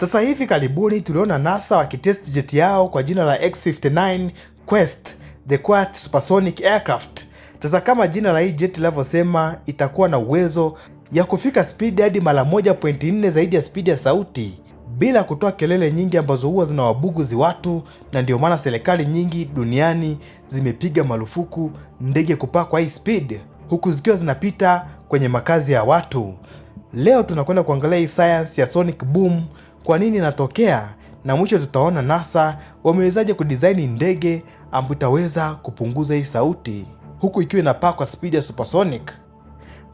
Sasa hivi karibuni tuliona NASA wakitest jeti yao kwa jina la X-59 Quest the Quiet Supersonic Aircraft. Sasa kama jina la hii jet linavyosema, itakuwa na uwezo ya kufika spidi hadi mara 1.4 zaidi ya spidi ya sauti bila kutoa kelele nyingi ambazo huwa zinawabuguzi watu, na ndio maana serikali nyingi duniani zimepiga marufuku ndege kupaa kwa hii speed, huku zikiwa zinapita kwenye makazi ya watu. Leo tunakwenda kuangalia hii sayansi ya sonic boom kwa nini inatokea, na mwisho tutaona NASA wamewezaje kudizaini ndege ambayo itaweza kupunguza hii sauti huku ikiwa inapaa kwa spidi ya supersonic.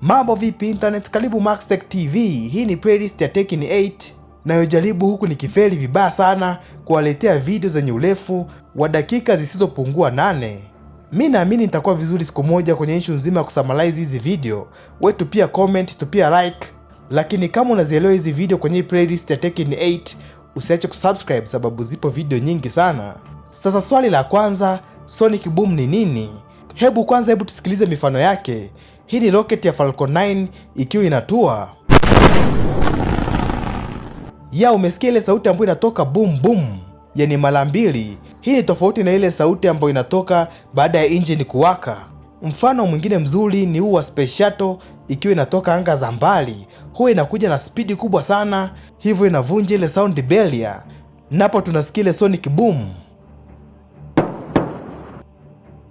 Mambo vipi internet, karibu Max Tech TV. Hii ni playlist ya Tech in 8 nayojaribu huku ni kifeli vibaya sana kuwaletea video zenye urefu wa dakika zisizopungua nane. Mi naamini nitakuwa vizuri siku moja kwenye issue nzima ya kusummarize hizi video. We tupia comment, tupia like lakini kama unazielewa hizi video kwenye playlist ya Tekken 8 usiache kusubscribe sababu zipo video nyingi sana. Sasa swali la kwanza, Sonic Boom ni nini? Hebu kwanza hebu tusikilize mifano yake. Hii ni rocket ya Falcon 9 ikiwa inatua. Ya, umesikia ile sauti ambayo inatoka boom boom, yani mara mbili. Hii ni tofauti na ile sauti ambayo inatoka baada ya engine kuwaka. Mfano mwingine mzuri ni huu wa space shuttle ikiwa inatoka anga za mbali, huwa inakuja na spidi kubwa sana, hivyo inavunja ile sound barrier, napo tunasikia ile sonic boom.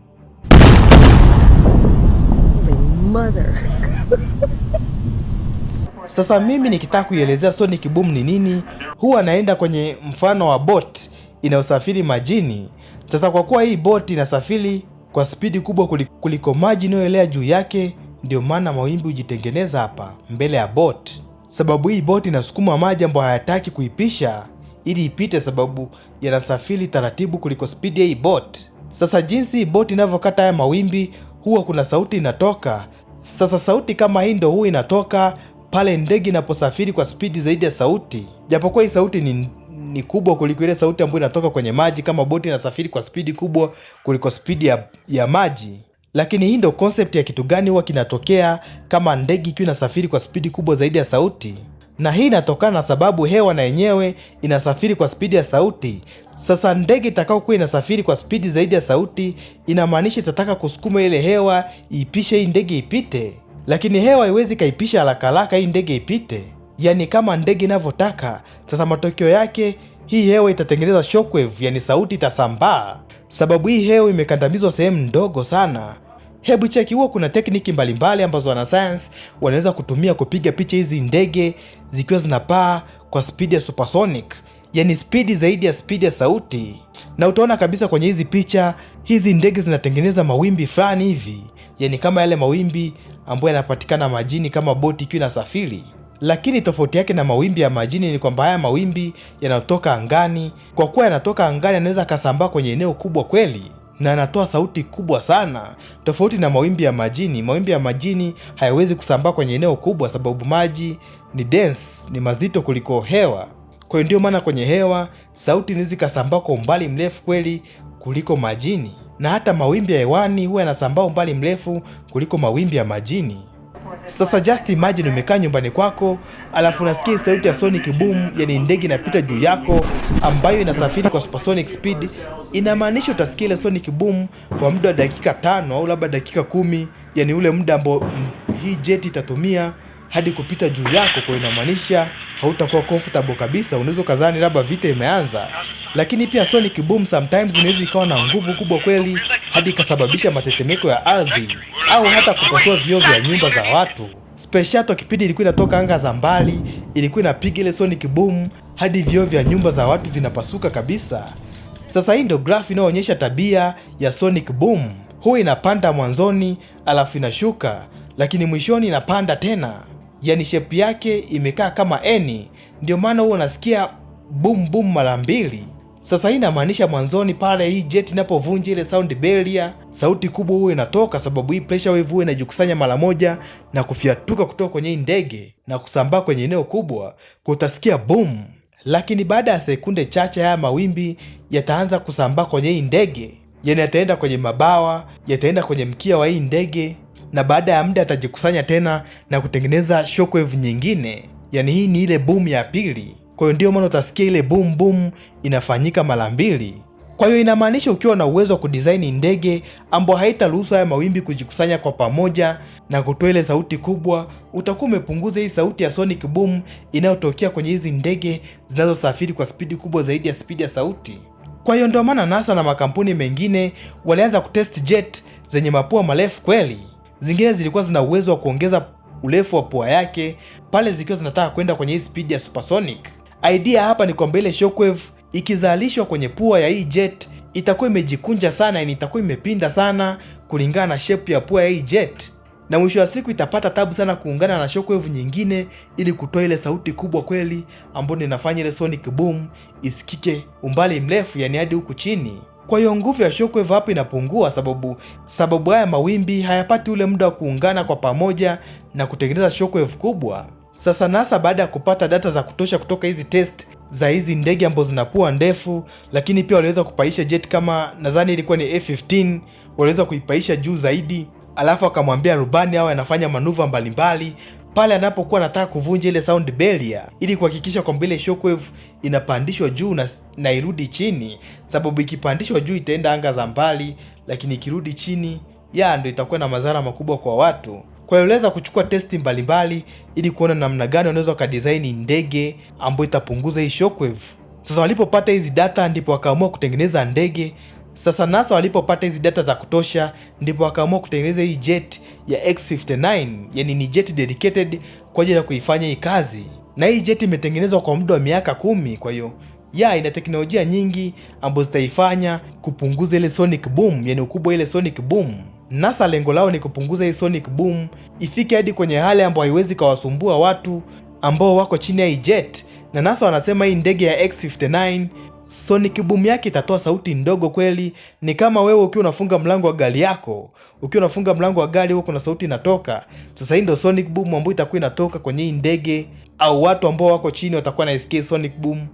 Sasa mimi nikitaka kuielezea sonic boom ni nini, huwa naenda kwenye mfano wa boat inayosafiri majini. Sasa kwa kuwa hii boat inasafiri kwa spidi kubwa kuliko maji inayoelea juu yake. Ndio maana mawimbi hujitengeneza hapa mbele ya bot. Sababu hii bot inasukuma maji ambayo hayataki kuipisha ili ipite, sababu yanasafiri taratibu kuliko spidi ya hii bot. Sasa jinsi hii bot inavyokata haya mawimbi, huwa kuna sauti inatoka. Sasa sauti kama hii ndio huwa inatoka pale ndege inaposafiri kwa spidi zaidi ya sauti, japokuwa hii sauti ni ni kubwa kuliko ile sauti ambayo inatoka kwenye maji kama boti inasafiri kwa spidi kubwa kuliko spidi ya, ya maji. Lakini hii ndo concept ya kitu gani huwa kinatokea kama ndege ikiwa inasafiri kwa spidi kubwa zaidi ya sauti, na hii inatokana na sababu hewa na yenyewe inasafiri kwa spidi ya sauti. Sasa ndege itakaokuwa inasafiri kwa spidi zaidi ya sauti, inamaanisha itataka kusukuma ile hewa iipishe hii ndege ipite, lakini hewa iwezi ikaipisha haraka haraka hii ndege ipite yani kama ndege inavyotaka. Sasa matokeo yake hii hewa itatengeneza shockwave, yani sauti itasambaa. Sababu hii hewa imekandamizwa sehemu ndogo sana. Hebu cheki, huwa kuna tekniki mbalimbali ambazo wanasayansi wanaweza kutumia kupiga picha hizi ndege zikiwa zinapaa kwa spidi ya supersonic, yani spidi zaidi ya spidi ya sauti, na utaona kabisa kwenye hizi picha hizi ndege zinatengeneza mawimbi fulani hivi, yani kama yale mawimbi ambayo yanapatikana majini kama boti ikiwa inasafiri lakini tofauti yake na mawimbi ya majini ni kwamba haya mawimbi yanayotoka angani, kwa kuwa yanatoka angani, yanaweza akasambaa kwenye eneo kubwa kweli na anatoa sauti kubwa sana, tofauti na mawimbi ya majini. Mawimbi ya majini hayawezi kusambaa kwenye eneo kubwa, sababu maji ni dense, ni mazito kuliko hewa. Kwa hiyo ndio maana kwenye hewa sauti inaweza ikasambaa kwa umbali mrefu kweli kuliko majini, na hata mawimbi ya hewani huwa yanasambaa umbali mrefu kuliko mawimbi ya majini. Sasa just imagine umekaa nyumbani kwako alafu unasikia sauti ya sonic boom, yani ndege inapita juu yako ambayo inasafiri kwa supersonic speed. Inamaanisha utasikia ile sonic boom kwa muda wa dakika tano au labda dakika kumi, yani ule muda ambao hii jet itatumia hadi kupita juu yako. Kwa inamaanisha hautakuwa comfortable kabisa, unaweza kadhani labda vita imeanza. Lakini pia sonic boom sometimes inaweza ikawa na nguvu kubwa kweli hadi ikasababisha matetemeko ya ardhi au hata kupasua vioo vya nyumba za watu. Spaceato kipindi ilikuwa inatoka anga za mbali, ilikuwa inapiga ile sonic boom hadi vioo vya nyumba za watu vinapasuka kabisa. Sasa hii ndio grafu inayoonyesha tabia ya sonic boom. Huwa inapanda mwanzoni alafu inashuka, lakini mwishoni inapanda tena. Yaani shape yake imekaa kama eni, ndio maana huwa unasikia boom boom mara mbili. Sasa hii inamaanisha mwanzoni pale hii jet inapovunja ile sound barrier, sauti kubwa huwa inatoka, sababu hii pressure wave huwa inajikusanya mara moja na kufyatuka kutoka kwenye hii ndege na kusambaa kwenye eneo kubwa, kwa utasikia boom. Lakini baada ya sekunde chache haya mawimbi yataanza kusambaa kwenye hii ndege, yani yataenda kwenye mabawa, yataenda kwenye mkia wa hii ndege, na baada ya muda yatajikusanya tena na kutengeneza shockwave nyingine, yani hii ni ile boom ya pili. Kwa hiyo ndio maana utasikia ile boom boom inafanyika mara mbili. Kwa hiyo inamaanisha ukiwa na uwezo wa kudizaini ndege ambayo haitaruhusu haya mawimbi kujikusanya kwa pamoja na kutoa ile sauti kubwa, utakuwa umepunguza hii sauti ya sonic boom inayotokea kwenye hizi ndege zinazosafiri kwa spidi kubwa zaidi ya spidi ya sauti. Kwa hiyo ndio maana NASA na makampuni mengine walianza kutest jet zenye mapua marefu kweli. Zingine zilikuwa zina uwezo wa kuongeza urefu wa pua yake pale zikiwa zinataka kwenda kwenye hii spidi ya supersonic. Idea hapa ni kwamba ile shockwave ikizalishwa kwenye pua ya hii jet itakuwa imejikunja sana, yani itakuwa imepinda sana kulingana na shape ya pua ya hii jet, na mwisho wa siku itapata tabu sana kuungana na shockwave nyingine ili kutoa ile sauti kubwa kweli ambayo inafanya ile sonic boom isikike umbali mrefu, yani hadi huku chini. Kwa hiyo nguvu ya shockwave hapa inapungua, sababu sababu haya mawimbi hayapati ule muda wa kuungana kwa pamoja na kutengeneza shockwave kubwa. Sasa NASA baada ya kupata data za kutosha kutoka hizi test za hizi ndege ambazo zinapua ndefu, lakini pia waliweza kupaisha jet kama nadhani ilikuwa ni A15, waliweza kuipaisha juu zaidi, alafu akamwambia rubani awe anafanya manuva mbalimbali pale anapokuwa anataka kuvunja ile sound barrier ili kuhakikisha kwamba ile shockwave inapandishwa juu na, na irudi chini, sababu ikipandishwa juu itaenda anga za mbali, lakini ikirudi chini ya ndo itakuwa na madhara makubwa kwa watu. Kwa hiyo kuchukua testi mbalimbali ili kuona namna gani wanaweza wakadisaini ndege ambayo itapunguza hii shockwave. Sasa walipopata hizi data ndipo wakaamua kutengeneza ndege. Sasa NASA walipopata hizi data za kutosha ndipo wakaamua kutengeneza hii jet ya X-59, yani ni jet dedicated kwa ajili ya kuifanya hii kazi, na hii jet imetengenezwa kwa muda wa miaka kumi. Kwa hiyo ya ina teknolojia nyingi ambazo zitaifanya kupunguza ile sonic boom, yani ukubwa ile sonic boom NASA lengo lao ni kupunguza hii sonic boom ifike hadi kwenye hali ambayo haiwezi kawasumbua watu ambao wako chini ya hii jet, na NASA wanasema hii ndege ya X-59 sonic boom yake itatoa sauti ndogo kweli. Ni kama wewe ukiwa unafunga mlango wa gari yako, ukiwa unafunga mlango wa gari huko, kuna sauti inatoka. Sasa hii ndio sonic boom ambayo itakuwa inatoka kwenye hii ndege, au watu ambao wako chini watakuwa na sonic boom,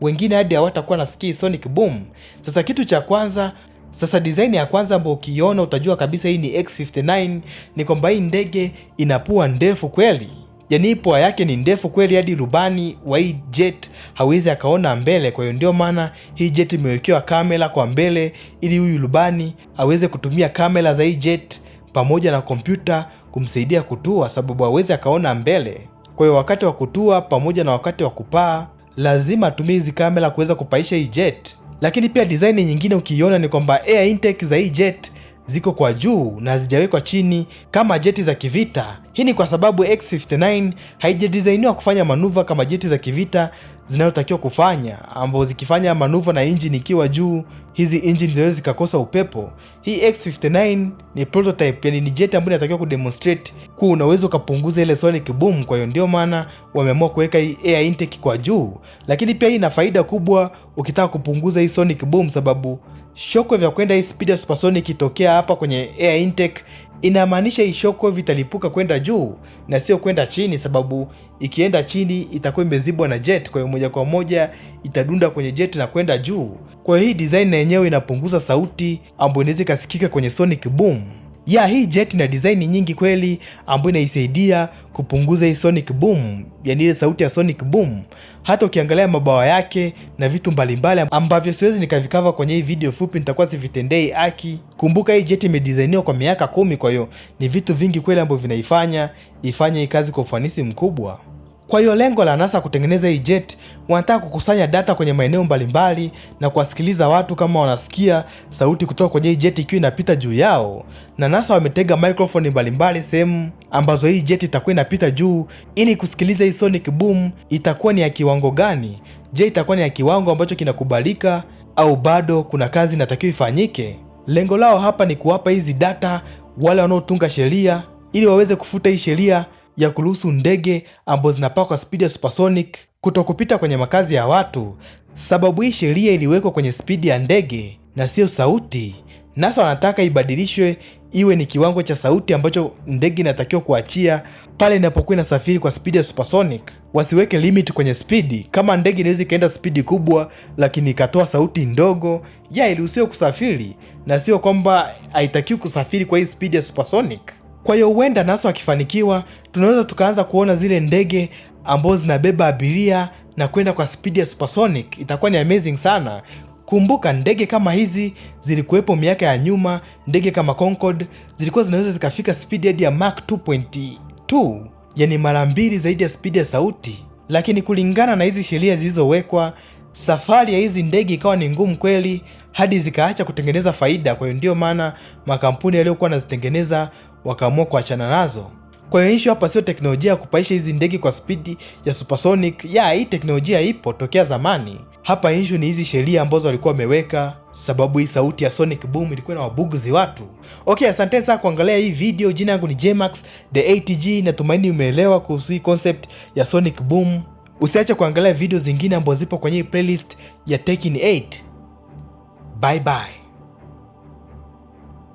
wengine hadi hawatakuwa na sonic boom. Sasa kitu cha kwanza sasa design ya kwanza ambayo ukiona utajua kabisa hii ni X-59 ni kwamba hii ndege ina pua ndefu kweli, yaani pua yake ni ndefu kweli hadi rubani wa hii jet hawezi akaona mbele. Kwa hiyo ndio maana hii jet imewekewa kamera kwa mbele, ili huyu rubani aweze kutumia kamera za hii jet pamoja na kompyuta kumsaidia kutua, sababu hawezi akaona mbele. Kwa hiyo wakati wa kutua pamoja na wakati wa kupaa lazima atumie hizi kamera kuweza kupaisha hii jet. Lakini pia design nyingine ukiiona ni kwamba air intake za hii jet ziko kwa juu na hazijawekwa chini kama jeti za kivita hii ni kwa sababu X-59 haijadisainiwa kufanya manuva kama jeti za kivita zinazotakiwa kufanya, ambapo zikifanya manuva na injini ikiwa juu, hizi injini zinaweza zikakosa upepo. Hii X-59 ni prototype, yani ni jeti ambayo inatakiwa kudemonstrate kuwa unaweza ukapunguza ile sonic boom. Kwa hiyo ndio maana wameamua kuweka hii air intake kwa juu, lakini pia ina faida kubwa ukitaka kupunguza hii sonic boom, sababu shokwe vya kwenda hii speed ya supersonic itokea hapa kwenye air intake Inamaanisha ishokwe vitalipuka kwenda juu na sio kwenda chini, sababu ikienda chini itakuwa imezibwa na jet, kwa hiyo moja kwa moja itadunda kwenye jet na kwenda juu. Kwa hiyo hii design na yenyewe inapunguza sauti ambayo inaweza ikasikika kwenye sonic boom ya hii jet ina design nyingi kweli, ambayo inaisaidia kupunguza hii sonic boom, yani ile sauti ya sonic boom. Hata ukiangalia mabawa yake na vitu mbalimbali ambavyo siwezi nikavikava kwenye hii video fupi, nitakuwa sivitendei haki. Kumbuka hii jet imedisainiwa kwa miaka kumi, kwa hiyo ni vitu vingi kweli ambavyo vinaifanya ifanye hii kazi kwa ufanisi mkubwa. Kwa hiyo lengo la NASA kutengeneza hii jet, wanataka kukusanya data kwenye maeneo mbalimbali na kuwasikiliza watu kama wanasikia sauti kutoka kwenye hii jet ikiwa inapita juu yao, na NASA wametega microphone mbalimbali sehemu ambazo hii jet itakuwa inapita juu ili kusikiliza hii sonic boom itakuwa ni ya kiwango gani. Je, itakuwa ni ya kiwango ambacho kinakubalika au bado kuna kazi inatakiwa ifanyike? Lengo lao hapa ni kuwapa hizi data wale wanaotunga sheria ili waweze kufuta hii sheria ya kuruhusu ndege ambazo zinapaa kwa spidi ya supersonic kuto kupita kwenye makazi ya watu. Sababu hii sheria iliwekwa kwenye spidi ya ndege na siyo sauti. NASA wanataka ibadilishwe iwe ni kiwango cha sauti ambacho ndege inatakiwa kuachia pale inapokuwa inasafiri kwa spidi ya supersonic. Wasiweke limit kwenye spidi. Kama ndege inaweza ikaenda spidi kubwa lakini ikatoa sauti ndogo, ya iruhusiwe kusafiri na sio kwamba haitakiwi kusafiri kwa hii spidi ya supersonic. Kwa hiyo huenda naso akifanikiwa, tunaweza tukaanza kuona zile ndege ambazo zinabeba abiria na kwenda kwa spidi ya supersonic. Itakuwa ni amazing sana. Kumbuka ndege kama hizi zilikuwepo miaka ya nyuma. Ndege kama Concorde zilikuwa zinaweza zikafika spidi hadi ya Mach 2.2, yani mara mbili zaidi ya spidi ya sauti, lakini kulingana na hizi sheria zilizowekwa safari ya hizi ndege ikawa ni ngumu kweli hadi zikaacha kutengeneza faida. Kwa hiyo ndio maana makampuni yaliyokuwa yanazitengeneza wakaamua kuachana nazo. Kwa hiyo hapa sio teknolojia ya kupaisha hizi ndege kwa spidi ya supersonic. Ya hii teknolojia ipo tokea zamani. Hapa issue ni hizi sheria ambazo walikuwa wameweka, sababu hii sauti ya sonic boom ilikuwa na wabuguzi watu. Okay, asante sana kuangalia hii video. Jina yangu ni Jmax the ATG, natumaini umeelewa kuhusu hii concept ya sonic boom. Usiache kuangalia video zingine ambazo zipo kwenye playlist ya tekin 8. Bye bye.